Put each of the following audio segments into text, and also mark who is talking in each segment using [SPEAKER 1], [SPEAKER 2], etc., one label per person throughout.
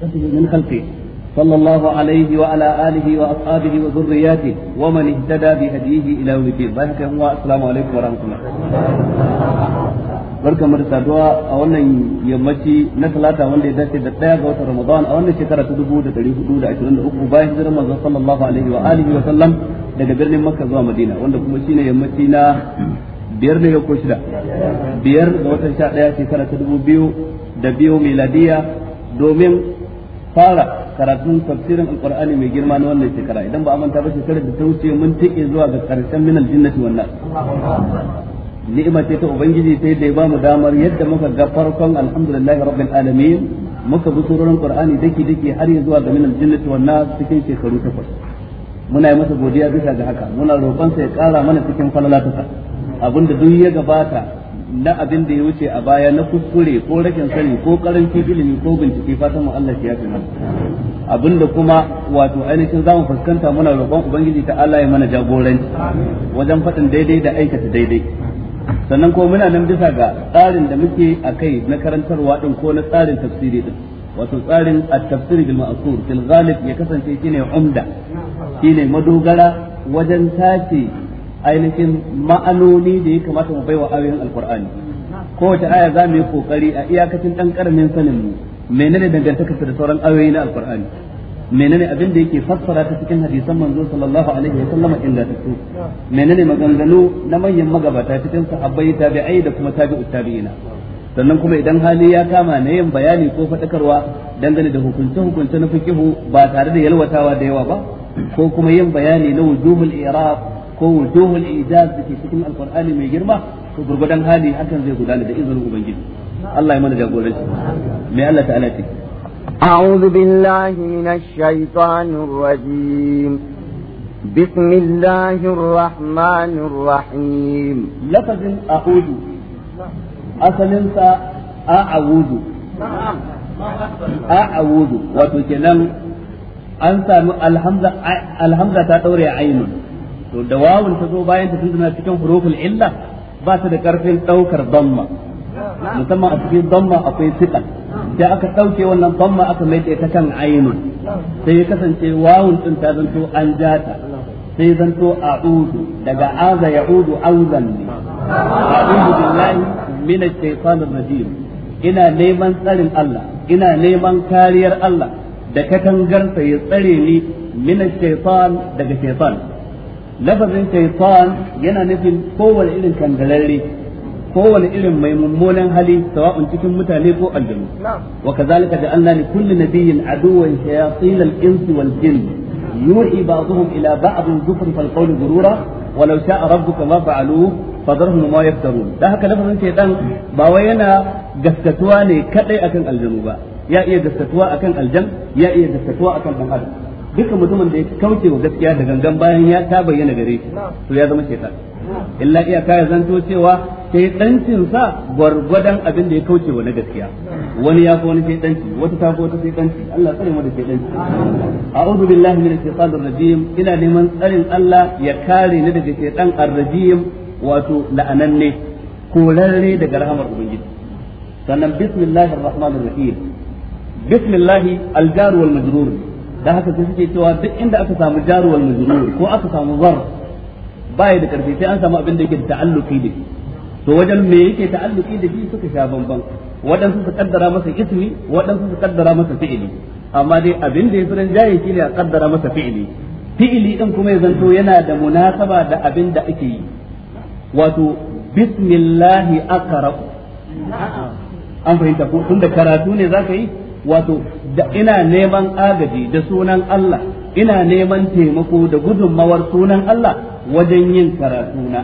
[SPEAKER 1] خلقته من خلقه صلى الله عليه وعلى آله وأصحابه وذرياته ومن اهتدى بهديه إلى يوم الدين بارك الله السلام عليكم ورحمة الله barka mu da saduwa a wannan yammaci na talata wanda ya dace da daya ga watan ramadan a wannan shekara ta dubu da dari hudu da ashirin da uku bayan hijirar manzon sallallahu alaihi wa alihi wa biyar ne ko shida biyar ga watan sha daya shekara ta dubu biyu da biyu miladiya domin fara karatun tafsirin alqur'ani mai girma na wannan shekara idan ba a manta ba shekarar da ta wuce mun tike zuwa ga karshen minal jinnati wannan ni'ima ce ta ubangiji sai da ya bamu damar yadda muka ga farkon alhamdulillahi rabbil alamin muka bi surorin qur'ani dake dake har yanzu zuwa ga minal jinnati wannan cikin shekaru takwas muna yi masa godiya bisa ga haka muna roƙon sa ya kara mana cikin falalatuka abinda duk ya gabata na abin da ya wuce a baya na kuskure ko rashin sani ko karancin ilimi ko bincike fatan mu Allah ya fi abin abinda kuma wato ainihin zamu fuskanta muna roƙon ubangiji ta Allah ya mana jagoranci wajen faɗin daidai da aikata daidai sannan ko muna nan bisa ga tsarin da muke a kai na karantarwa din ko na tsarin tafsiri din wato tsarin at-tafsir bil ma'sur fil ghalib ya kasance shine umda shine madogara wajen tace ainihin ma'anoni da ya kamata mu baiwa ayoyin alkur'ani kowace aya za mu yi kokari a iyakacin dan karamin sanin mu menene dangantakarsa da sauran ayoyi na alkur'ani menene abin da yake fassara ta cikin hadisan manzo sallallahu alaihi wa sallama ingantattu menene maganganu na manyan magabata cikin sahabbai tabi'ai da kuma tabi'ut tabi'ina sannan kuma idan hali ya kama na yin bayani ko faɗakarwa dangane da hukunce hukunce na fikihu ba tare da yalwatawa da yawa ba ko kuma yin bayani na wujuhul i'rab ko wujuhul ijaz da ke cikin alqur'ani mai girma to gurgudan hali hakan zai gudana da izinin ubangiji Allah ya mana jagoranci mai Allah ta'ala ce أعوذ بالله من الشيطان الرجيم بسم الله الرحمن الرحيم لفظ أعوذ أصل أعوذ أعوذ وتكلم أنت الحمزة الحمزة تدور عين to da wawun ta zo bayan ta tana cikin huruful illa ba ta da karfin daukar damma musamman a cikin damma akwai fitan sai aka dauke wannan damma aka mai ta kan ainun sai ya kasance wawun din ta zanto an jata sai zanto a'udu daga aza ya'udu auzan ne
[SPEAKER 2] a'udu billahi
[SPEAKER 1] min ash-shaytanir rajim ina neman tsarin Allah ina neman kariyar Allah da katangarsa ya tsare ni min ash-shaytan daga shaytan lafazin shaitan yana nufin kowane irin kangararre kowane irin mai mummunan hali sawa'un cikin mutane ko aljanu wa kazalika allah li kulli nabiyyin aduwwan shayatin al-insi wal jin yuhi ba'dhum ila ba'd zufr fal qawli ghurura wa law sha'a rabbuka ma fa'aluhu fadarhum ma yaftarun da haka lafazin shaitan ba wai yana gaskatuwa ne kadai akan aljanu ba ya iya gaskatuwa akan aljan ya iya gaskatuwa akan dan adam dukkan mutumin da ya kauce wa gaskiya da gangan bayan ya ta bayyana gare shi to ya zama shaitan illa iyaka ya zanto cewa shaidancin sa gwargwadon abin da ya kauce wa na gaskiya wani ya fi wani shaidanci wata ta fi wata shaidanci Allah tsare mu da sai shaidanci a'udhu billahi minash shaitanir rajim ina neman tsarin Allah ya kare ni daga shaitan ar-rajim wato la'ananne korarre daga rahamar ubangiji sannan bismillahir rahmanir rahim bismillah al-jar wal majrur da haka sai suke cewa duk inda aka samu jaruwal majrur ko aka samu zar baya da karfi sai an samu abin da yake da ta'alluqi da shi to wajen me yake ta'alluqi da shi suka sha bamban waɗansu su kaddara masa ismi waɗansu su kaddara masa fi'ili amma dai abin da ya yafi rinjaye shine a kaddara masa fi'ili fi'ili din kuma ya zanto yana da munasaba da abin da ake yi wato bismillahi aqra an fahimta ko tun da karatu ne za ka yi wato da ina neman agaji da sunan Allah ina neman taimako da gudunmawar sunan Allah wajen yin karatuna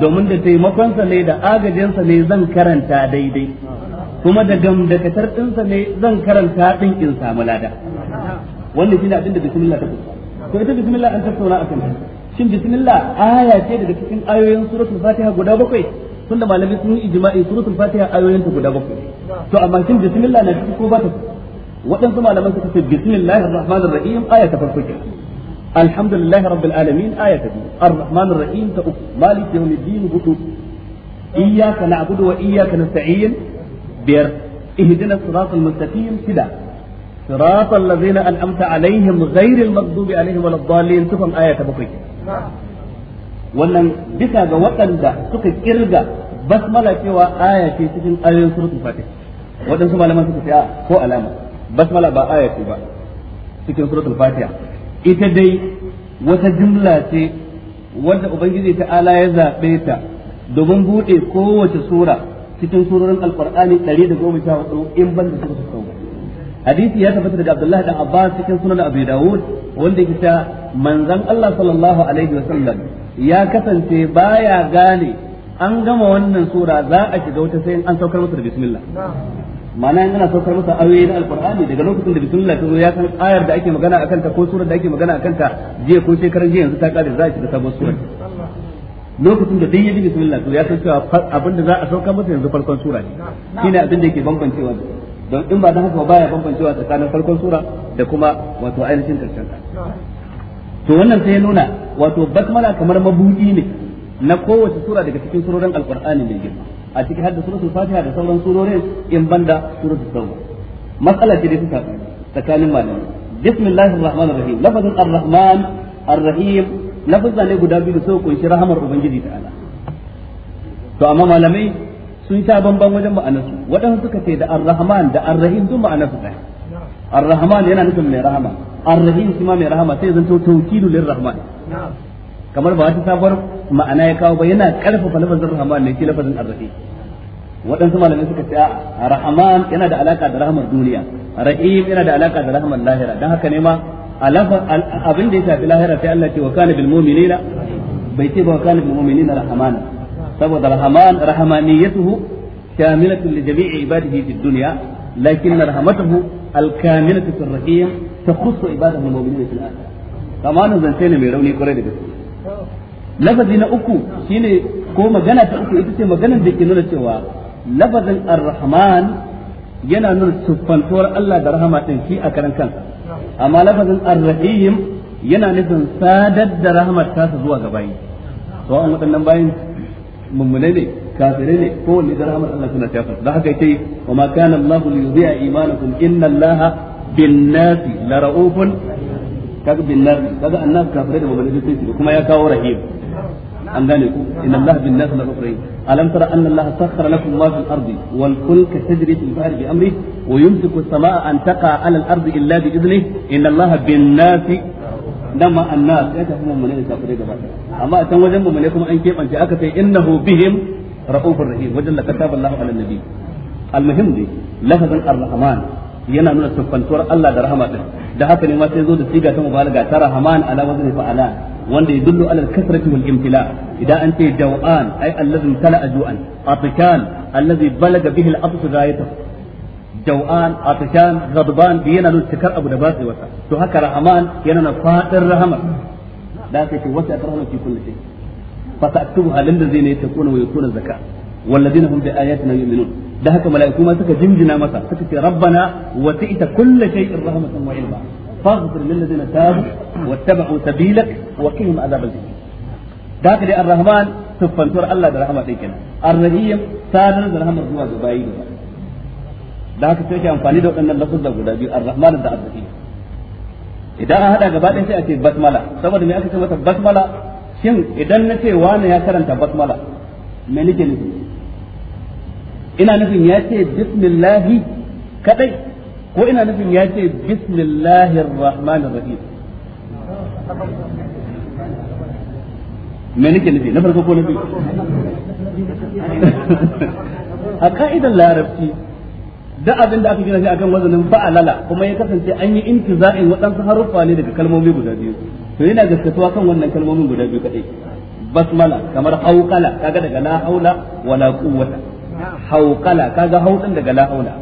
[SPEAKER 1] domin da taimakonsa ne da agajinsa ne zan karanta daidai kuma da gamdakatar ɗinsa ne zan karanta ɗin in samu lada wannan ne abin da bismillah ta kusa ko ita bismillah an tattauna akan ta shin bismillah aya ce daga cikin ayoyin suratul fatiha guda bakwai tunda malamai sun yi ijma'i suratul fatiha ayoyin ta guda bakwai to amma shin bismillah na ciki ko ba ta waɗansu malaman suka ce bismillahir rahmanir rahim aya ta farko ke alhamdulillahi rabbil alamin aya ta biyu arrahmanir rahim ta uku malik yawmiddin hudu iyyaka na'budu wa iyyaka nasta'in biyar ihdina siratal mustaqim sida صراط الذين أنعمت عليهم غير المغضوب عليهم ولا الضالين تفهم آية بقية wannan bisa ga waɗanda suka kirga basmala cewa aya ce cikin ayoyin suratul fatih waɗansu malaman suka ce ko alama basmala ba aya ce ba cikin suratul fatiha ita dai wata jumla ce wanda ubangiji ta'ala ya zabe ta domin buɗe kowace sura cikin surorin alqur'ani 114 in banda su su kawo hadisi ya tabbata daga abdullahi dan abbas cikin sunan abi dawud wanda yake manzon Allah sallallahu alaihi wasallam ya kasance baya gane an gama wannan sura za a shiga wata sai an saukar masa da bismillah ma'ana in ana saukar masa ayoyi na alkur'ani daga lokacin da bismillah ta zo ya san ayar da ake magana akan ta ko surar da ake magana akan ta jiya ko shekaran jiya yanzu ta kare za a shiga sabon sura lokacin da dai ya ji bismillah to ya san cewa abin da za a saukar masa yanzu farkon sura ne shine abin da yake bambancewa don in ba dan haka ba ya bambancewa tsakanin farkon sura da kuma wato ainihin karshen ta to wannan sai ya nuna wato basmala kamar mabudi ne na kowace sura daga cikin surorin alqur'ani mai girma a cikin hadda suratul fatiha da sauran surorin in banda suratul tauba matsala ce da ta tsakanin malamai bismillahir rahmanir rahim lafazin ar-rahman ar-rahim lafazan ne guda biyu da suka shi rahamar ubangiji ala. to amma malamai sun sha bamban wajen ma'anarsu waɗansu suka ce da ar-rahman da ar-rahim duk ma'anarsu ɗaya ar-rahman yana nufin mai rahama ar-rahim shi ma mai rahama sai zan zanto tawkilu lir-rahman kamar ba wata sabuwar ma'ana ya kawo ba yana karfafa lafazin rahman ne shi lafazin arrafi waɗansu malamai suka ce a rahman yana da alaka da rahmar duniya rahim yana da alaka da rahmar lahira dan haka ne ma abin da ya shafi lahira sai Allah ce wa kana bil mu'minina bai ce ba wa kana bil mu'minina rahman saboda rahman rahmaniyatuhu كاملة لجميع عباده في الدنيا لكن رحمته الكاملة في الرحيم تخص عباده المؤمنين في zan فما نزل mai rauni روني da gaske. lafazi na uku shine ko magana ta uku ita ce maganar da ke nuna cewa lafazin ar-rahman yana nuna siffantuwar Allah da rahama din shi a karan kansa amma lafazin ar-rahim yana nufin sadar da rahmat su zuwa ga bayi to an waɗannan bayin mummune ne kafirai ne ko wanda da rahmat Allah suna tafi da haka yace wa ma kana Allah li yudhi'a imanakum inna Allah bin nasi la ra'ufun kaga bin nar kaga annas kafirai da babban sun shi kuma ya kawo rahim an gane ku inna allaha bin nas la rahim alam tara anna allaha sakhkhara lakum ma fil ardi wal fulka tajri fil bahri bi amri wa yumsiku as-samaa an taqa ala al ardi illa bi idnihi inna allaha bin nas dama annas ya tafi mun ne kafirai gaba amma a can wajen mun ne kuma an kebance aka sai innahu bihim ra'ufur rahim wajen la kataba allahu ala nabi al-muhim dai lafazan ar-rahman yana nuna siffantuwar Allah da rahama da haka ne ma sai zo da siga ta mubalaga ta rahman ala wazni fa'alan wanda yadullu ala al-kasrati wal imtila idan an ce daw'an ay allazi tala'a ju'an atkan allazi balaga bihi al-absu ghayatahu daw'an atkan ghadban bi yana lutkar abu da ba sai wata to haka rahman yana na fadin rahama da haka ce wata rahama fi kulli shay fa ta'tubu halin zai ne ta kuna wa yakuna zakat والذين هم بآياتنا يؤمنون da haka mala'iku ma suka jinjina masa suka ce rabana wa ta'ita kullu shay'in rahmatan wa ilma faghfir lil ladina tabu wattaba'u sabilak wa qihim adhabal jahim da haka dai ar-rahman siffantuwar Allah da rahama din kenan ar-rahim sadar da rahmar zuwa ga bayi da da haka sai ke amfani da waɗannan lafuzza guda biyu ar-rahman da ar-rahim idan an hada gaba sai a ce basmala saboda me aka ce basmala shin idan na ce na ya karanta basmala me ina nufin ya ce bismillahi kadai ko ina nufin ya ce bismillahi rahmanir rahim me nake nufi na farko ko nufi a ka'idar larabci da abin da aka gina shi akan wazanin fa'alala kuma ya kasance an yi intiza'in waɗansu haruffa ne daga kalmomi guda biyu to yana gaskatuwa kan wannan kalmomin guda biyu kadai basmala kamar haukala kaga daga la haula wala quwwata hauqala kaga hauɗin daga la haula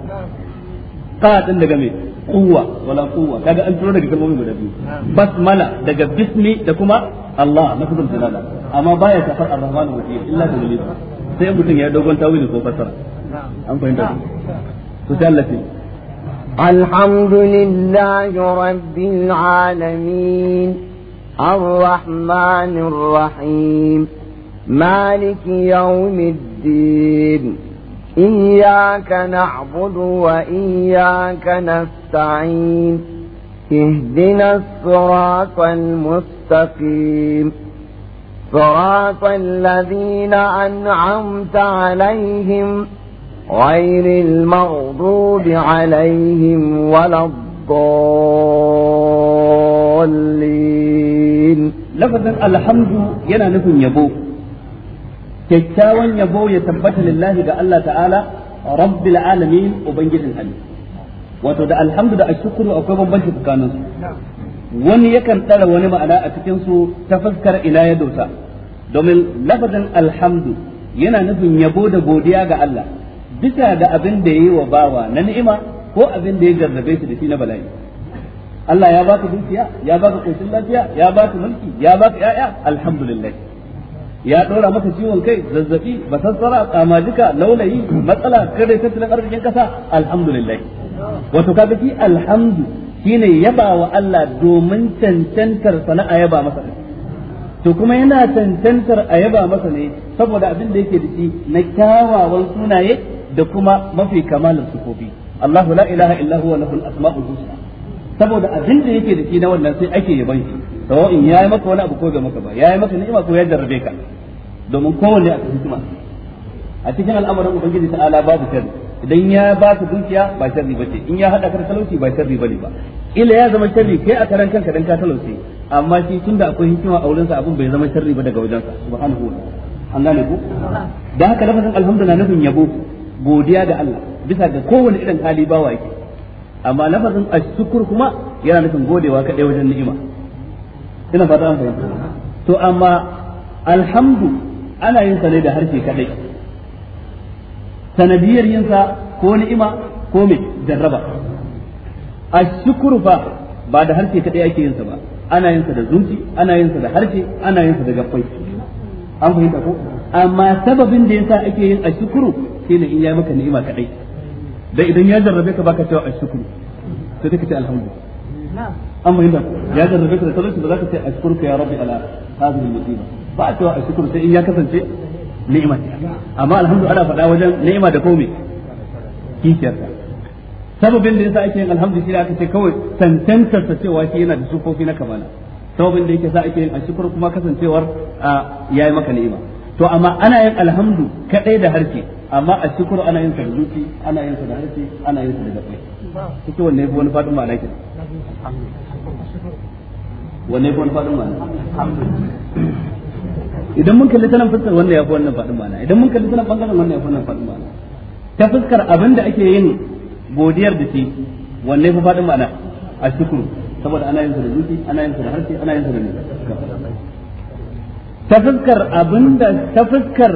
[SPEAKER 1] qadin daga me quwwa wala quwwa kaga an turo daga kalmomi guda biyu basmala daga bismi da kuma Allah lafzul jalala amma baya safar ar-rahman wa rahim illa da dalil sai mutum ya dogon tawili ko fasara an fahimta to sai Allah الحمد لله رب العالمين الرحمن الرحيم مالك يوم الدين إياك نعبد وإياك نستعين اهدنا الصراط المستقيم
[SPEAKER 2] صراط
[SPEAKER 1] الذين أنعمت عليهم غير المغضوب عليهم ولا الضالين لفظ الحمد ينا نفن يبوه kyakkyawan yabo ya tabbata lillahi ga Allah ta'ala rabbil alamin ubangijin hali wato da alhamdu da ashkuru akwai bambanci tsakanin su wani yakan tsara wani ma'ana a cikin su ta fuskar ila ya dosa domin lafazin alhamdu yana nufin yabo da godiya ga Allah bisa da abin da yayi wa bawa na ni'ima ko abin da ya jarrabe shi da shi na bala'i Allah ya baka dukiya ya baka koshin lafiya ya baka mulki ya baka ya'ya alhamdulillah ya ɗora masa ciwon kai zazzabi basassara kamajika launayi, matsala kada tattalin arzikin kasa alhamdulillah wato kaga fi alhamdu shine yaba wa Allah domin cancantar sana'a yaba masa to kuma yana cancantar a yaba masa ne saboda abin da yake da shi na kyawawan sunaye da kuma mafi kamalin sufofi Allahu la ilaha illa huwa lahul asma'ul husna saboda abin da yake da shi na wannan sai ake yaban shi sawa'in yi maka wani abu ko bai maka ba ya yi maka ni'ima ko ya jarrabe ka domin kowanne a hikima a cikin al'amarin ubangiji ala babu sharri idan ya ba ka dukiya ba sharri bace in ya hada ka talauci ba sharri bane ba ila ya zama sharri kai a karan kanka dan ka talauci amma shi tunda akwai hikima a wurinsa abun bai zama sharri ba daga wajensa subhanahu wa ta'ala an gane ku dan haka lafazin alhamdulillah nufin yabo godiya ga Allah bisa ga kowane irin hali wa yake amma lafazin ashkur kuma yana nufin godewa kadai wajen ni'ima ina fata an fahimta to amma alhamdu ana yin sa ne da harshe kadai sanadiyar yin sa ko ni'ima ko mai jarraba ashkuru fa ba da harshe kadai ake yin sa ba ana yin sa da zuci ana yin sa da harshe ana yin sa da gaffai an fahimta ko amma sababin da yasa ake yin ashkuru shine in ya maka ni'ima kadai dan idan ya jarrabe ka baka cewa ashkuru sai kake ce alhamdulillah an fahimta ya jarrabe ka da talauci ba za ka ce ashkurka ya rabbi ala hadhihi al-musiba ba a cewa ashkuru sai ya kasance ni'ima amma alhamdulillah ana faɗa wajen ni'ima da komai kishiyar ta sababin da yasa ake yin alhamdu shi ce kawai yana da na kamala sababin da yake sa ake yin shukur kuma kasancewar yayi maka ni'ima to amma ana yin alhamdu kadai da harshe amma shukur ana yin sa da zuci ana yin sa da harshe ana yin sa da gabai kike wanne wani fadin ma'ana kenan wanne ko wani faɗin ma'ana idan mun kalli tanan fuskar wannan ya fi wannan faɗin ma'ana idan mun kalli tanan bangaren wannan ya fi wannan faɗin ma'ana ta fuskar abin da ake yin godiyar da shi wanne fi faɗin ma'ana a shukuru saboda ana yin su da zuci ana yin su da harshe ana yin su da ne ta fuskar abin da ta fuskar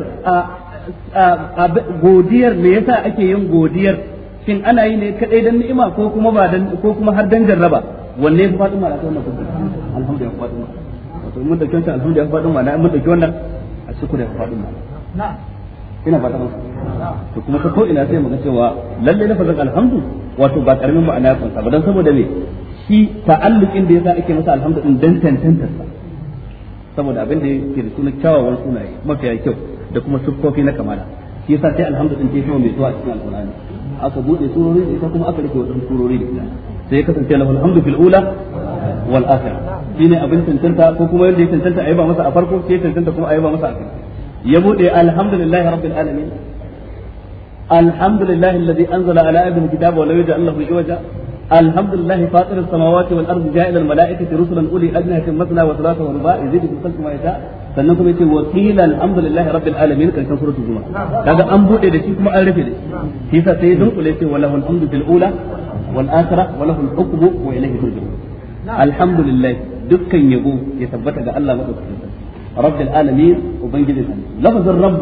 [SPEAKER 1] godiyar me yasa ake yin godiyar shin ana yi ne kadai dan ni'ima ko kuma ba dan ko kuma har dan jarraba wanne ya faɗin mara ta wannan fuskar alhamdulillah faɗin mara wato mun da kyanta alhamdulillah faɗin mara mun da wannan a cikin da faɗin mara na ina fata mun to kuma ka ko ina sai ga cewa lalle na fazan alhamdu wato ba karamin ma'ana ya kunsa ba dan saboda me shi ta'alluqin da yasa ake masa alhamdulillah dan tantantar sa saboda abin da yake da sunan kyawawan sunaye mafiya kyau da kuma siffofi na kamala shi yasa sai alhamdulillah ke shi mai zuwa cikin alqur'ani aka bude surori da ita kuma aka rike wadannan surori da ita sai ya kasance lahul hamdu fil ula wal akhirah shine abin tantanta ko kuma yadda ya tantanta ba masa a farko sai tantanta kuma ayi masa a farko ya bude alhamdulillahi rabbil alamin alhamdulillahi alladhi anzala ala abdihi kitaba wa lam yaj'al lahu iwaja الحمد لله فاطر السماوات والارض جاعل الملائكه رسلا اولي اجنحه مثنى وثلاثه ورباع يزيد في الخلق ما يشاء sannan kuma yace wa qila alhamdulillahi rabbil alamin karshen suratul zuma kaga an bude da shi kuma an rufe da shi yasa sai ya dunkule yace wa lahul hamdu fil ula wal akhirah wa lahul hukmu wa ilayhi turja'un
[SPEAKER 2] alhamdulillah
[SPEAKER 1] dukkan yabo ya tabbata ga Allah madaukakin sarki rabbil alamin ubangijin alamin lafazin rabb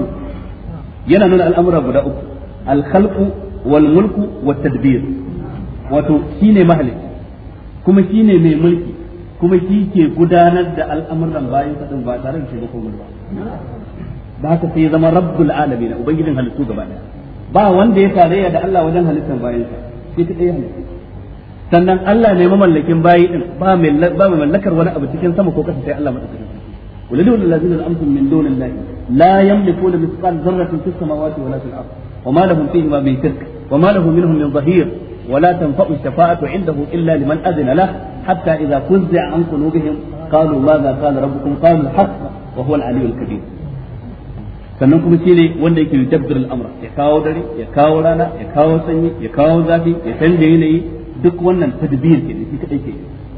[SPEAKER 1] yana nuna al'amura guda uku al-khalqu wal mulku wat tadbir wato shine mahalici kuma shine mai mulki kuma shi ke gudanar da al'amuran bayan sadin ba tare da shiga komai ba Ba ka sai zama rabbul alamin ubangijin halittu gaba daya ba wanda ya tarayya da Allah wajen halittar bayan sa shi ta daya halittu sannan Allah ne mamallakin bayi din ba mai ba mai mallakar wani abu cikin sama ko kasa sai Allah madaukakin ولدول الذين أنتم من دون الله لا يملكون مثقال ذرة في السماوات ولا في الأرض وما لهم فيهما من شرك وما له منهم من ظهير ولا تنفع الشفاعة عنده إلا لمن أذن له hatta idza fuzza an qulubihim qalu ma za qala rabbukum qalu al-haqq wa huwa al-aliyyu al-kabir sannan kuma ne wanda yake yudabbir al ya kawo dare ya kawo rana ya kawo sanyi ya kawo zafi ya canza yanayi duk wannan tadbir ke ne shi kadai ke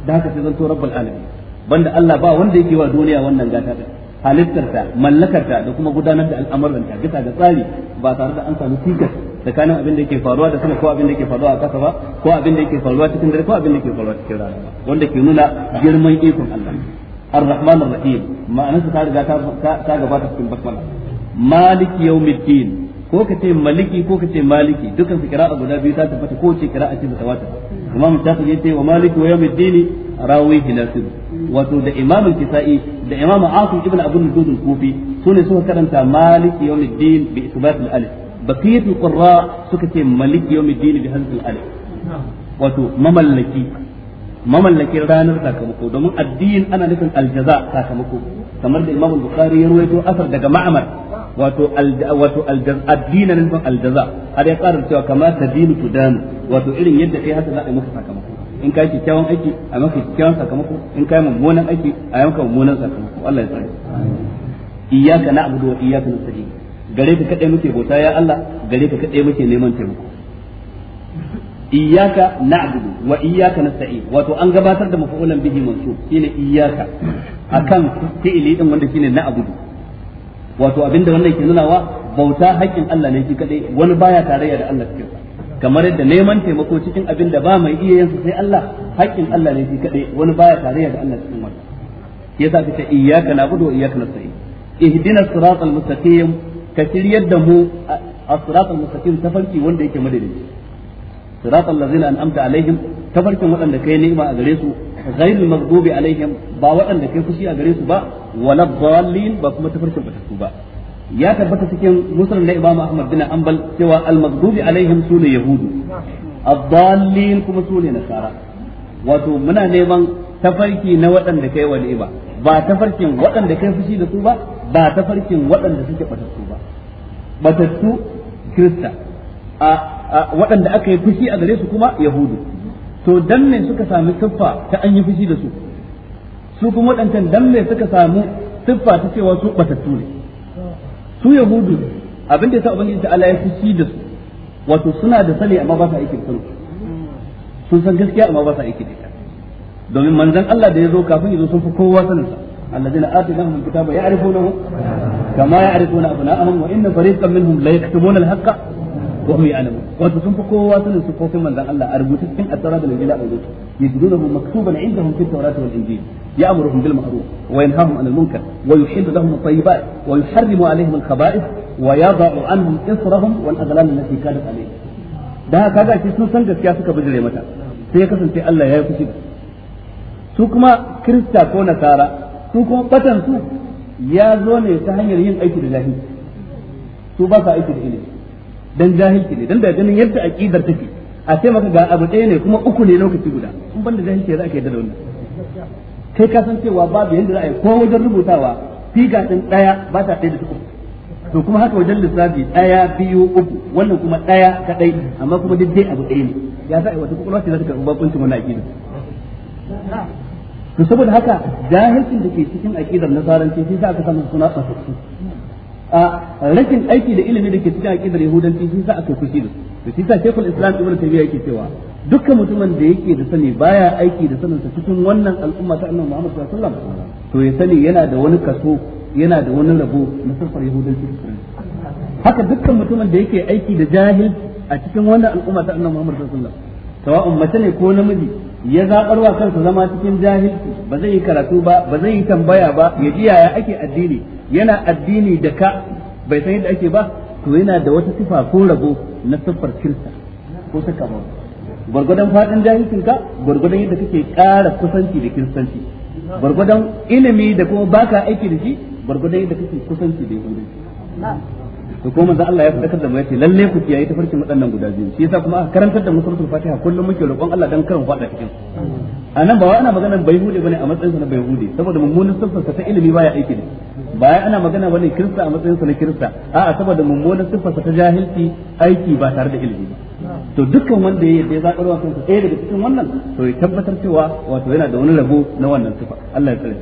[SPEAKER 1] da haka sai to rabbul alamin banda Allah ba wanda yake wa duniya wannan gata ta halittarta mallakarta da kuma gudanar da al'amuran ta bisa ga tsari ba tare da an samu tikas tsakanin abin da yake faruwa da sama ko abin da yake faruwa a kasa ba ko abin da yake faruwa cikin dare ko abin da yake faruwa cikin rana wanda ke nuna girman ikon Allah ar-rahman ar-rahim ma'anarsa ta riga ta gabata cikin basmala maliki yawmiddin ko ka ce maliki ko ka ce maliki dukkan su kira'a guda biyu ta tabbata ko ce kira'a ce mutawatir imam shafi'i yace wa maliki wa yawmid dini rawihi nasib wato da imam kisa'i da imam asim ibn abdul nuzul kufi sune suka karanta maliki yawmid din bi isbat al alif baqiyatul qurra suka ce malik yawmiddin bi hazil alif wato mamallaki mamallakin ranar sakamako domin addinin ana nufin aljaza sakamako kamar da imam bukhari ya ruwaito asar daga ma'amar wato wato addinin nufin aljaza har ya ƙara cewa kama tadinu tudanu wato irin yadda kai haka za a yi maka sakamako in kai kyakkyawan aiki a maka kyakkyawan sakamako in kai mummunan aiki a maka mummunan sakamako Allah ya tsare iyyaka na'budu wa iyyaka nasta'in gare ka kadai muke bauta ya Allah gare ka kadai muke neman taimako iyyaka na'budu wa iyyaka nasta'in wato an gabatar da mafu'ulan bihi mansub shine iyaka akan fi'ili din wanda shine na'budu wato abinda wannan ke nunawa bauta haƙƙin Allah ne shi kaɗai wani baya tarayya da Allah cikin kamar yadda neman taimako cikin abin da ba mai iya yansa sai Allah haƙƙin Allah ne shi kaɗai wani baya tarayya da Allah cikin wannan yasa kace iyyaka na'budu wa iyyaka nasta'in ihdinas siratal mustaqim ka shiryar da mu a siratal mustaqim tafarki wanda yake madadin siratal ladzina an'amta alaihim tafarkin waɗanda kai ni'ima a gare su ghairul maghdubi alaihim ba waɗanda kai fushi a gare su ba wala dallin ba kuma tafarkin batattu ba ya tabbata cikin musulun na imam ahmad bin anbal cewa al maghdubi alaihim sune yahudu ad-dallin kuma sune nasara wato muna neman tafarki na waɗanda kai wa ni'ima ba tafarkin waɗanda kai fushi da su ba ba tafarkin waɗanda suke batattu ba batattu kirista a waɗanda aka yi fushi a gare su kuma yahudu to dan me suka sami siffa ta an yi fushi da su su kuma waɗancan dan me suka samu siffa ta cewa su batattu ne su yahudu abin da ya sa ubangiji ta Allah ya fushi da su wato suna da sani amma ba sa aikin sun sun san gaskiya amma ba sa aiki da ita domin manzon Allah da ya zo kafin ya zo sun fi kowa sanin sa allazina atainahum alkitaba ya'rifunahu kama ya arifuna abna'ahum wa inna fariqan minhum la yaktubuna al-haqqa wa hum ya'lamun wato sun fi kowa sanin sufofin manzon Allah a rubuce cikin at-taurat da injil a rubuce yajidunahu maktuban indahum fi at-taurat wal injil ya'muruhum bil ma'ruf wa yanhahum 'anil munkar wa wa wal da haka kaga shi sun san gaskiya suka bijire mata sai ya kasance Allah ya yi fushi su kuma kirista ko nasara su kuma batan su ya zo ne ta hanyar yin aiki da jahilci su ba sa aiki da ilimi dan jahilci ne dan da ganin yadda aqidar take a sai maka ga abu ɗaya ne kuma uku ne lokaci guda in banda jahilci za ka yadda da wannan kai ka san cewa babu yadda za a yi ko wajen rubutawa figa din ɗaya ba ta ɗaya da su uku to kuma haka wajen lissafi ɗaya biyu uku wannan kuma ɗaya kaɗai amma kuma duk dai abu ɗaya ne ya za a yi wata kwakwalwa ce za ta karɓi bakuncin wani aqidar to saboda haka jahilcin da ke cikin aqidar nasaranci sai sa aka samu suna fasassu a rashin aiki da ilimi da ke cikin aqidar yahudanci sai sa aka fushi da su to sa shekul islam ibnu taymiya yake cewa dukkan mutumin da yake da sani baya aiki da saninsa cikin wannan al'umma ta annabi Muhammad sallallahu alaihi wasallam to ya sani yana da wani kaso yana da wani rabo na sarfar yahudanci haka dukkan mutumin da yake aiki da jahil a cikin wannan al'umma ta annabi Muhammad sallallahu alaihi wasallam sawa'un mace ne ko namiji ya zabar wa kansa zama cikin jahilci ba zai yi karatu ba ba zai yi tambaya ba ya ji yaya ake addini yana addini da ka bai san yadda ake ba to yana da wata sifa ko rabo na siffar kirsa ko ta kama gwargwadon fadin jahilcin ka gwargwadon yadda kake ƙara kusanci da kiristanci gwargwadon ilimi da kuma baka aiki da shi gwargwadon yadda kake kusanci da
[SPEAKER 2] yahudanci
[SPEAKER 1] to ko manzo Allah ya sadakar da mu yace lalle ku kiyaye ta farkin waɗannan guda biyu shi yasa kuma aka karantar da mu suratul fatiha kullum muke roƙon Allah dan karin fada cikin anan ba wai ana magana bai hude bane a matsayin sa na bai hude saboda mummunan sifarsa ta ilimi baya aiki ne ba wai ana magana bane kirista a matsayin sa na kirista a'a saboda mummunan sifarsa ta jahilci aiki ba tare da ilimi ba to dukkan wanda ya yadda ya zaɓar wa kansa ɗaya daga cikin wannan to ya tabbatar cewa wato yana da wani rabo na wannan sifa Allah ya tsare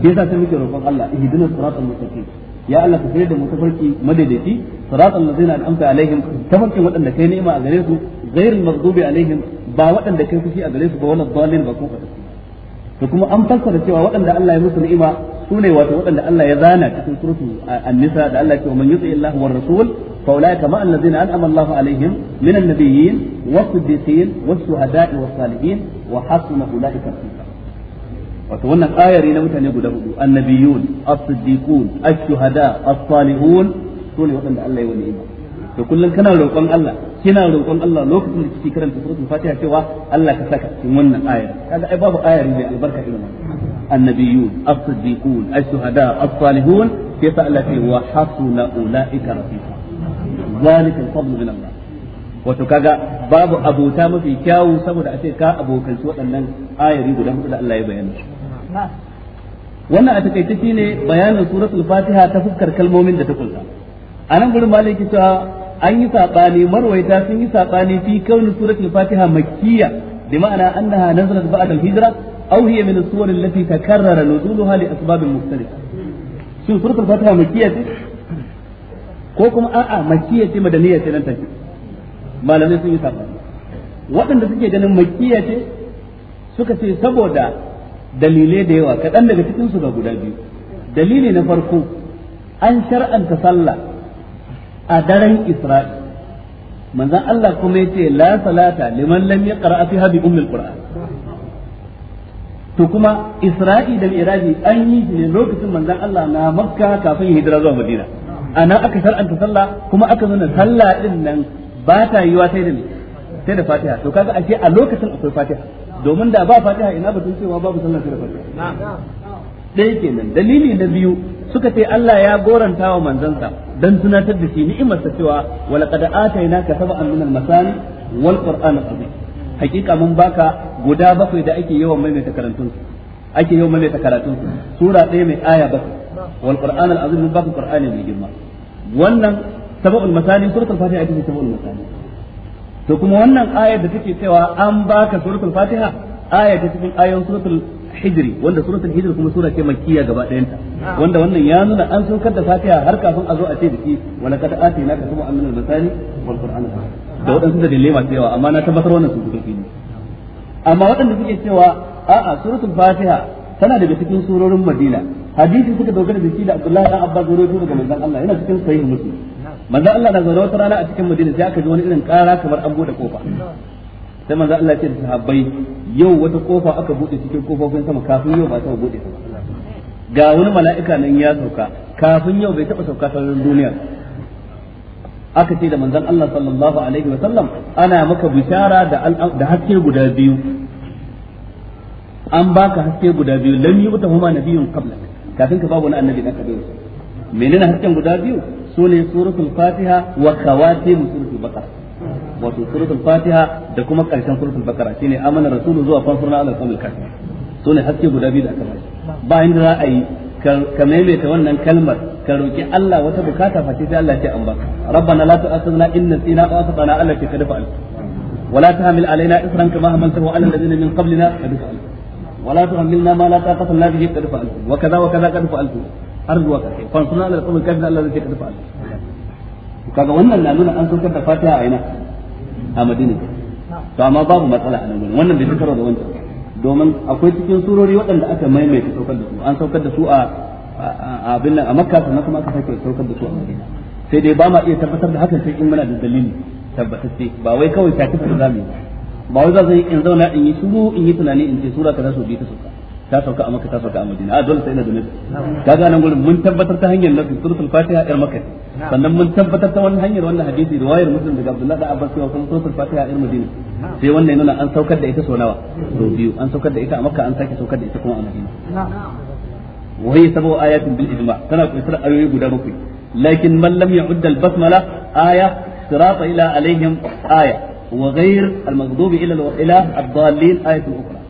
[SPEAKER 1] shi yasa sai muke roƙon Allah ihdinas siratal mustaqim ya Allah ka fere da mu tafarki madaidaiti siratal ladzina an'amta alaihim tafarkin waɗanda kai ni'ima a gare su ghairul maghdubi alaihim ba waɗanda kai fushi a gare su ba wala dhalin ba ko fata to kuma an fassara cewa waɗanda Allah ya musu ni'ima su ne wato waɗanda Allah ya zana cikin suratu an-nisa da Allah ya ce man yuti Allah war rasul fa ulaika ma allazina an'ama Allah alaihim min nabiyyin was-siddiqin was-shuhada'i was-salihin wa hasuna ulaika rafiqa wato wannan ayari na mutane guda hudu annabiyun as-siddiqun ash-shuhada as-salihun to ne waɗanda Allah ya wani ima to kullun kana roƙon Allah kina roƙon Allah lokacin da kike karanta suratul fatiha cewa Allah ka saka cikin wannan ayari. kaga ai babu ayari mai albarka irin wannan annabiyun as-siddiqun ash-shuhada as-salihun sai sa Allah ya wa hasuna ulaika rafiqa zalika al-fadlu min Allah wato kaga babu abota mafi kyawu saboda a ce ka su waɗannan ayari guda hudu da Allah ya bayyana su wannan a takaice ne bayanin suratul fatiha ta fuskar kalmomin da ta kulla. a nan gudun maliki cewa an yi saɓani marwaita sun yi saɓani fi kawai suratul fatiha makkiya bi ma'ana annaha nazalat ba'da al-hijra aw hiya min as-suwar allati takarrara nuzuluha li asbabin mukhtalifa shin suratul fatiha makkiya ce ko kuma a'a makkiya ce madaniya ce nan take malamai sun yi saɓani. waɗanda suke ganin makkiya ce suka ce saboda dalilai da yawa kaɗan daga cikin su ga guda biyu dalili na farko an shar'anta sallah a daren isra'i manzan Allah kuma ce la salata liman lam yaqra fi bi ummi alquran to kuma isra'i da iraji an yi shi ne lokacin manzan Allah na makka kafin hijira zuwa madina ana aka shar'anta sallah kuma aka nuna sallah din nan ba ta yiwa sai da sai da fatiha to kaga ashe a lokacin akwai fatiha domin da ba fatiha ina batun cewa babu sallah sai da fatiha ɗaya kenan dalili na biyu suka ce Allah ya goranta wa manzansa dan tunatar da shi ni'imar ta cewa wa laqad atainaka sab'an min al-masani wal qur'an azim hakika mun baka guda bakwai da ake yawan maimaita karantun ake yawan maimaita karatun sura ɗaya mai aya ba wal qur'an al-azim mun baka qur'ani mai girma wannan sab'ul masani suratul fatiha ita ce sab'ul masani to kuma wannan ayar da take cewa an baka suratul fatiha aya ta cikin ayoyin suratul hijri wanda suratul hijri kuma sura ce makkiya gaba ɗayanta wanda wannan ya nuna an saukar da fatiha har kafin a zo a ce da shi wala kad atina ka kuma annal masani wal qur'an da wadansu da dalilai masu yawa amma na tabbatar wannan sun suka fi amma waɗanda suke cewa a'a suratul fatiha tana daga cikin surorin madina hadisi suka dogara da shi da abdullahi dan abbas rawaito daga manzon Allah yana cikin sahih muslim manzo Allah na zaune wata rana a cikin Madina sai aka ji wani irin ƙara kamar an bude kofa sai manzo Allah ce da sahabbai yau wata kofa aka bude cikin kofofin sama kafin yau ba ta bude ta ga wani mala'ika nan ya sauka kafin yau bai taba sauka sararin duniya aka ce da manzon Allah sallallahu alaihi wa sallam ana maka bishara da da haske guda biyu an baka haske guda biyu lam huma nabiyyun qabla kafin ka babu wani annabi da ka biyu menene hasken guda biyu su ne suratul fatiha wa khawatim suratul baqara wato suratul fatiha da kuma karshen suratul baqara shine amana rasulu zuwa fansurna ala kamil su ne haske guda biyu da aka bashi ba inda za a yi ka maimaita wannan kalmar ka roki Allah wata bukata face sai Allah ya ce an baka rabbana la tu'akhidhna in nasina aw akhtana Allah ya kada fa'al ولا تحمل علينا إصرا كما هملته على الذين من قبلنا قد فعلت ولا تحملنا ما لا طاقة لنا به قد فعلت وكذا وكذا قد فعلت har zuwa karshe fansunan Allah kuma kafin Allah zai kada fa'ala kaga wannan na nuna an sokar da fatiha a ina a madina to amma babu matsala a nan gurin wannan bai fitarwa da wancan domin akwai cikin surori waɗanda aka maimaita saukar da su an saukar da su a abin nan a makka sun kuma aka sake saukar da su a madina sai dai ba ma iya tabbatar da hakan sai in muna da dalili tabbatacce ba wai kawai ta kifa da ba wai za zai in zauna in yi shiru in yi tunani in ce sura ta rasu bi ta sauka ta sauka a maka ta sauka a madina a dole sai na da nasu kaga nan gurin mun tabbatar ta hanyar nasu suratul fatiha ir makka sannan mun tabbatar ta wani hanyar wannan hadisi riwayar muslim daga abdullahi da abbas cewa kuma suratul fatiha ir madina sai wannan nuna an saukar da ita so nawa so biyu an saukar da ita a makka an sake saukar da ita kuma a
[SPEAKER 2] madina
[SPEAKER 1] وهي سبع آيات بالإجماع تنا كسر أيوة بدر لكن من لم يعد البسملة آية صراط إلى عليهم آية وغير المغضوب إلى إلى الضالين آية أخرى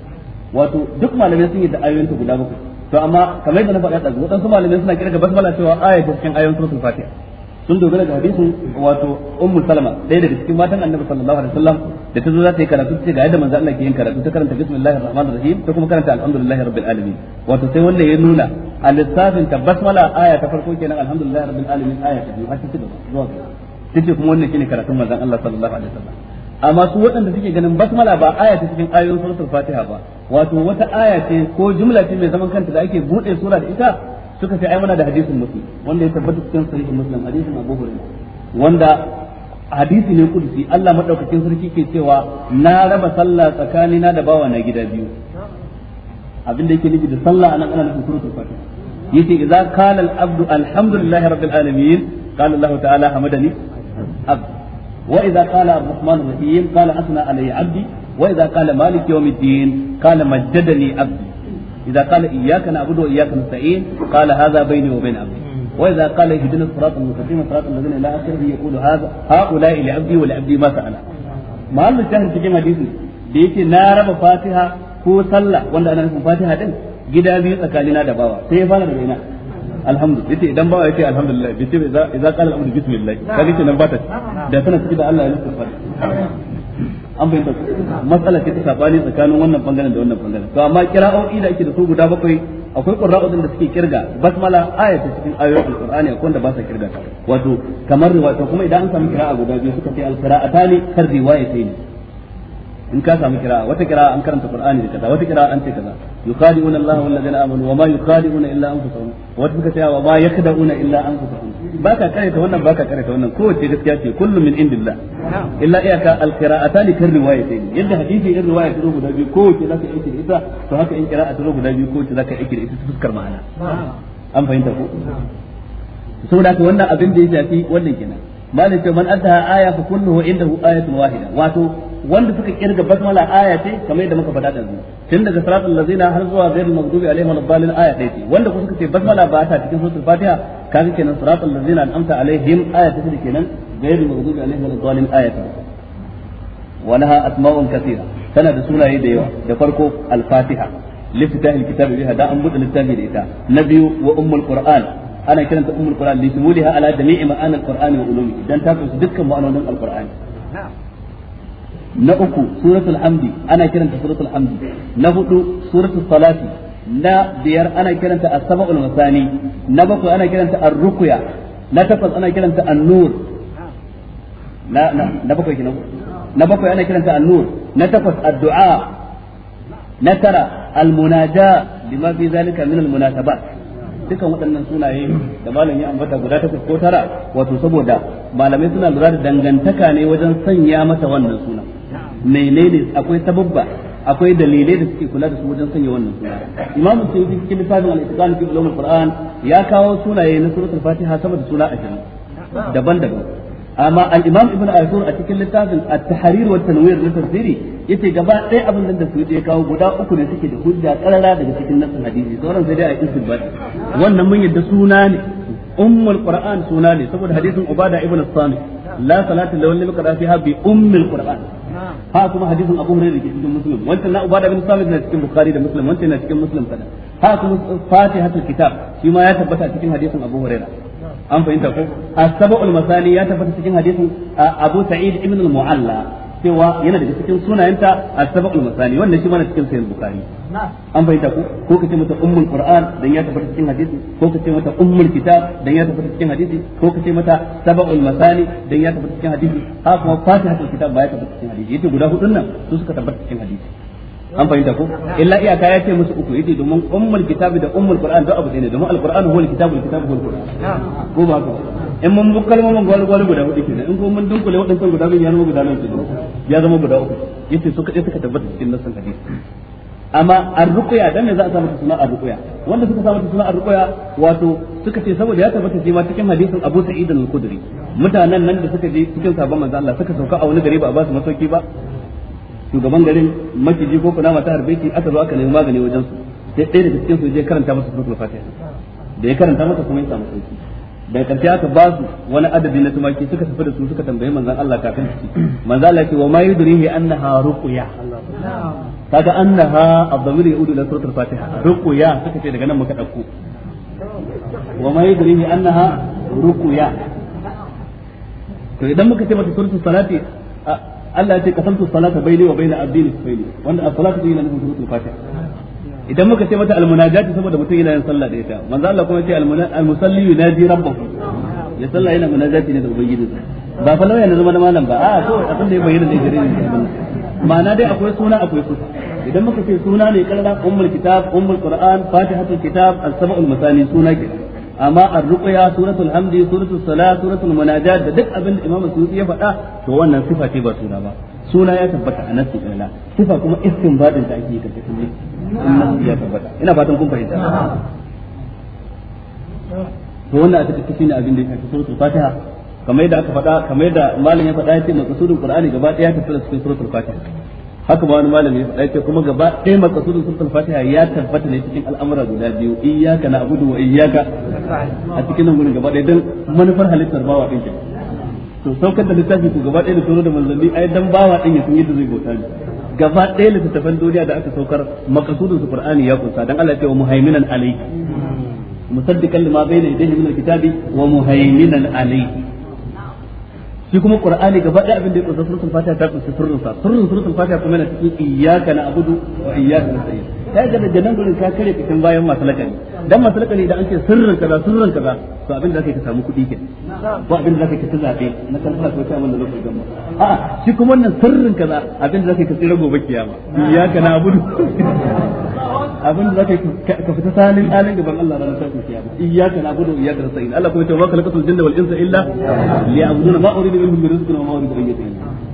[SPEAKER 1] wato duk malamai sun yi da ayoyin ta guda bakwai to amma kamar yadda na faɗa ɗazu waɗansu malamai suna kirga mala cewa aya ta cikin ayoyin suratul fatiha sun dogara ga hadisin wato ummu salama ɗaya daga cikin matan annabi sallallahu alaihi wasallam da ta zo za ta yi karatu ce ga yadda manzo Allah ke yin karatu ta karanta bismillahir rahmanir rahim ta kuma karanta alhamdulillahi rabbil alamin wato sai wanda ya nuna al-lissafin ta basmala aya ta farko kenan alhamdulillahi rabbil alamin aya ta biyu har ta ci gaba zuwa ga tace kuma wannan shine karatun manzo Allah sallallahu alaihi wasallam amma su waɗanda suke ganin basmala ba aya ce cikin ayoyin suratul fatiha ba wato wata aya ce ko jumla ce mai zaman kanta da ake buɗe sura da ita suka ce ai muna da hadisin muslim wanda ya tabbata cikin sahihin muslim hadisin abu hurairah wanda hadisi ne kudusi Allah madaukakin sarki ke cewa na raba sallah tsakanina da bawa na gida biyu abin da yake nufi da sallah anan ana nufin suratul fatiha yace idza qala al abdu alhamdulillahi rabbil alamin qala Allah ta'ala hamadani abdu وإذا قال عبد الرحمن الرحيم قال أثنى علي عبدي وإذا قال مالك يوم الدين قال مجدني عبدي إذا قال إياك نعبد وإياك نستعين قال هذا بيني وبين عبدي وإذا قال اهدنا الصراط المستقيم صراط الذين إلى آخره يقول هذا هؤلاء لعبدي ولعبدي ما سأل ما أنه الشاهد cikin hadisi da yake na raba fatiha ko sallah wanda ana nufin fatiha din gida biyu tsakanina da bawa sai ya fara da ina alhamdu yace idan bawa yace alhamdulillah bi ce idza qala alhamdu bismillah kaga ce nan ba ta da tana ciki da Allah ya nufa an bai ta matsala ce ta sabani tsakanin wannan bangaren da wannan bangaren to amma kira'o'i da ake da su guda bakwai akwai qurra'u da suke kirga basmala aya ta cikin ayoyin alqur'ani akwai wanda ba sa kirga wato kamar wato kuma idan an samu kira'a guda biyu suka ce alqira'atani kar riwayatayn in ka samu kira wata kira an karanta qur'ani da kaza wata kira an ce kaza yuqadiuna allah wal ladina amanu wa ma yuqadiuna illa anfusahum wata suka ce wa ma yakdauna illa anfusahum baka kare ta wannan baka kare ta wannan kowace gaskiya ce kullu min indillah illa iyaka al qira'atan kan riwayatayn yadda hadisi in riwaya ta guda biyu kowace zaka yi da ita to haka in qira'a ta guda biyu kowace zaka yi da ita ta fuskar ma'ana an fahimta ko saboda haka wannan abin da ya shafi wannan kenan malin ce man adda aya fa kulluhu indahu ayatun wahida wato wanda suka kirga basmala aya ce kamar yadda muka faɗa da zu tun daga salatul lazina har zuwa ghairul maghdubi alaihim waladdallin aya ce wanda kuma suka ce basmala ba ta cikin suratul fatiha kaga kenan salatul lazina an'amta alaihim aya ce kenan ghairul maghdubi alaihim waladdallin aya ce walaha asma'un kathira tana da sunaye da yawa da farko al-fatiha liftitah al-kitab biha da an buɗe littafi da ita na biyu wa ummul qur'an ana kiranta ummul qur'an li tumuliha ala jami'i ma'anil ulumi ta ma'anonin al na uku suratul amdi ana kiranta suratul amdi na hudu suratul salati na biyar ana kiranta as-sab'ul masani na bakwai ana kiranta ar-ruqya na takwas ana kiranta an-nur na na na bakwai kenan na bakwai ana kiranta an-nur na takwas addu'a na tara al-munaja lima fi zalika min al-munasabat dukan waɗannan sunaye da malam ya ambata guda takwas ko tara wato saboda malamai suna lura da dangantaka ne wajen sanya mata wannan sunan menene akwai sababba akwai dalilai da suke kula da su wajen sanya wannan suna imam suyuti cikin littafin al-itqan fi ulum al-qur'an ya kawo sunaye na suratul fatiha sama da suna 20 daban-daban amma al-imam ibn ashur a cikin littafin at-tahrir wa tanwir na tafsiri yace gaba ɗaya abin da suyuti ya kawo guda uku ne suke da hujja karara daga cikin nassin hadisi sauran sai dai a istibbat wannan mun yadda suna ne ummul qur'an suna ne saboda hadisin ubada ibn as-samit la salata lawal lil qara'a fiha bi ummil qur'an ha kuma hadisin Abu Hurairah da cikin Muslim wancan na Ubada bin Samit na cikin Bukhari da Muslim wancan na cikin Muslim kada ha kuma Fatihatul Kitab shi ma ya tabbata cikin hadisin Abu Hurairah an fahimta ko as-sab'ul masani ya tabbata cikin hadisin Abu Sa'id ibn al-Mu'alla cewa yana daga cikin sunayenta a sabakul masani wannan shi mana cikin sahih bukhari an bayyana ku ko kace mata ummul qur'an dan ya tabbata cikin hadisi ko kace mata ummul kitab dan ya tabbata cikin hadisi ko kace mata sabakul masani dan ya tabbata cikin hadisi ha kuma fatihatul kitab ba ya tabbata cikin hadisi yace guda hudun nan su suka tabbata cikin hadisi an fahimta ku illa iyaka ya ce musu uku yace domin ummul kitab da ummul qur'an da abu ne domin alquran huwa alkitabu alkitabu al-kitabu huwa al ko ba ko in mun mun kalmomin gwal gwal guda hudu kenan in kuma mun dunkule waɗannan guda biyu ya zama guda nawa kenan ya zama guda uku yace su kaɗai suka tabbata cikin nassan hadisi amma arruqya dan ne za a samu mata suna arruqya wanda suka samu mata suna arruqya wato suka ce saboda ya tabbata shi ma cikin hadisin Abu Sa'id al-Khudri mutanen nan da suka je cikin sabon manzo Allah suka sauka a wani gari ba a ba su masauki ba shugaban garin maciji ko kuna mata harbe aka zo aka nemi magani wajen su sai ɗaya daga cikin su je karanta masa suratul fatiha da ya karanta masa kuma ya samu sauki da karshe aka ba su wani adadi na tumaki suka tafi da su suka tambayi manzon Allah kafin su ci manzon Allah ce wa ma yudrihi annaha ruqya kaga annaha abdamir yaudu ila suratul fatiha ruqya suka ce daga nan muka dauko wa ma yudrihi annaha ruqya to idan muka ce mata suratul salati Allah ya ce kasantu salata baini wa baina abdi nisfaini wanda as-salatu ila nufin suratul fatiha idan muka ce mata almunajat saboda mutum yana yin sallah da ita manzo Allah kuma ce almusalli yunaji rabbahu ya sallah yana munajati ne da ubangiji ba fa lauya na zama da malam ba a ko abin da ya bayyana da gare ni ma'ana dai akwai suna akwai su idan muka ce suna ne karara ummul kitab ummul qur'an fatihatul kitab as-sab'ul masani suna ke amma ar-ruqya suratul hamdi suratul salat suratul munajat da duk abin da imamu suyuti ya faɗa to wannan sifa ce ba suna ba suna ya tabbata a nasu suna kuma istinbadin da ake yi ta karkashin nasu ya tabbata ina fatan kun fahimta to wannan a cikin shine abin da ya shafi suratul fatiha kamar yadda aka faɗa kamar yadda malam ya faɗa yace maqsudul qur'ani gaba ɗaya ta tsara cikin suratul fatiha haka ba wani malam ya faɗa yace kuma gaba ɗaya maqsudul suratul fatiha ya tabbata ne cikin al'amura guda biyu iyyaka na'budu wa iyyaka a cikin nan gurin gaba ɗaya dan manufar halittar bawa ɗin kenan to saukar da littafi ku gaba ɗaya da tsoro da manzanni ai dan bawa ɗin ya san yadda zai bauta ne gaba ɗaya littattafan duniya da aka saukar makasudin su qur'ani ya kunsa dan Allah ya ce wa muhaiminan alayhi musaddiqan lima bayna yadayhi min alkitabi wa muhaiminan alayhi shi kuma qur'ani gaba ɗaya abin da ya kunsa suratul fatiha ta kunsa sirrin sa sirrin suratul fatiha kuma yana cikin iyyaka na'budu wa iyyaka nasta'in kai ga daga nan gurin ka kare fitin bayan masu lakani dan masu lakani da an ce sirrin kaza sirrin kaza to abin da zaka ka samu kuɗi ke ba abin da zaka ka zabe na kan fara ko ta wannan lokacin gamba a shi kuma wannan sirrin kaza abin da zaka ka tsira gobe kiyama ya ka nabudu abin da zaka ka fita salin alin gaban Allah ranar tashin kiyama iyyaka na'budu wa iyyaka nasta'in Allah kuma ya ce wa khalaqatul jinna wal insa illa liya'buduna ma uridu minhum min rizqin wa ma uridu an yutihim